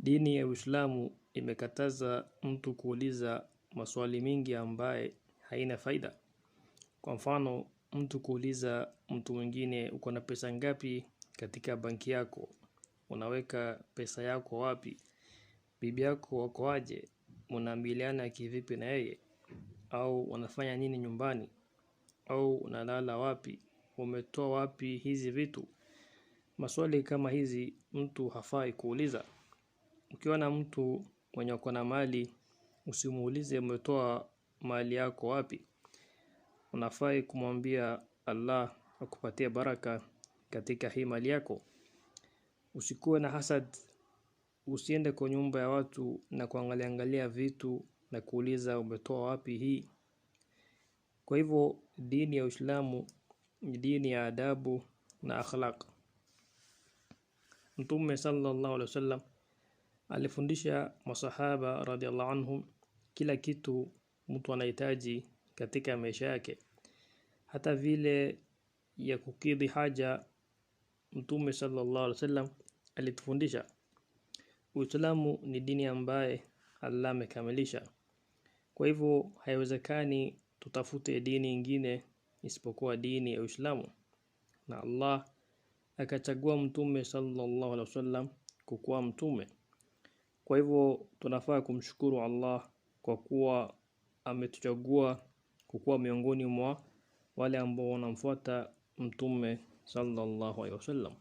Dini ya Uislamu imekataza mtu kuuliza maswali mingi ambaye haina faida. Kwa mfano mtu kuuliza mtu mwingine uko na pesa ngapi katika banki yako, unaweka pesa yako wapi, bibi yako wako aje, mnaambiliana kivipi na yeye, au unafanya nini nyumbani, au unalala wapi, umetoa wapi hizi vitu. Maswali kama hizi mtu hafai kuuliza. Ukiona mtu mwenye uko na mali usimuulize umetoa mali yako wapi Unafai kumwambia Allah akupatie baraka katika hii mali yako Usikuwe na hasad usiende kwa nyumba ya watu na kuangalia angalia vitu na kuuliza umetoa wapi hii Kwa hivyo dini ya uislamu ni dini ya adabu na akhlaq Mtume sallallahu alaihi wasallam Alifundisha masahaba radhiallahu anhum kila kitu mtu anahitaji katika maisha yake hata vile ya kukidhi haja Mtume sallallahu alaihi wasallam alitufundisha Uislamu ni dini ambaye Allah amekamilisha. Kwa hivyo haiwezekani tutafute dini ingine isipokuwa dini ya Uislamu. Na Allah akachagua Mtume sallallahu alaihi wasallam kukuwa mtume. Kwa hivyo tunafaa kumshukuru Allah kwa kuwa ametuchagua kukuwa miongoni mwa wale ambao wanamfuata mtume sallallahu alaihi wasallam.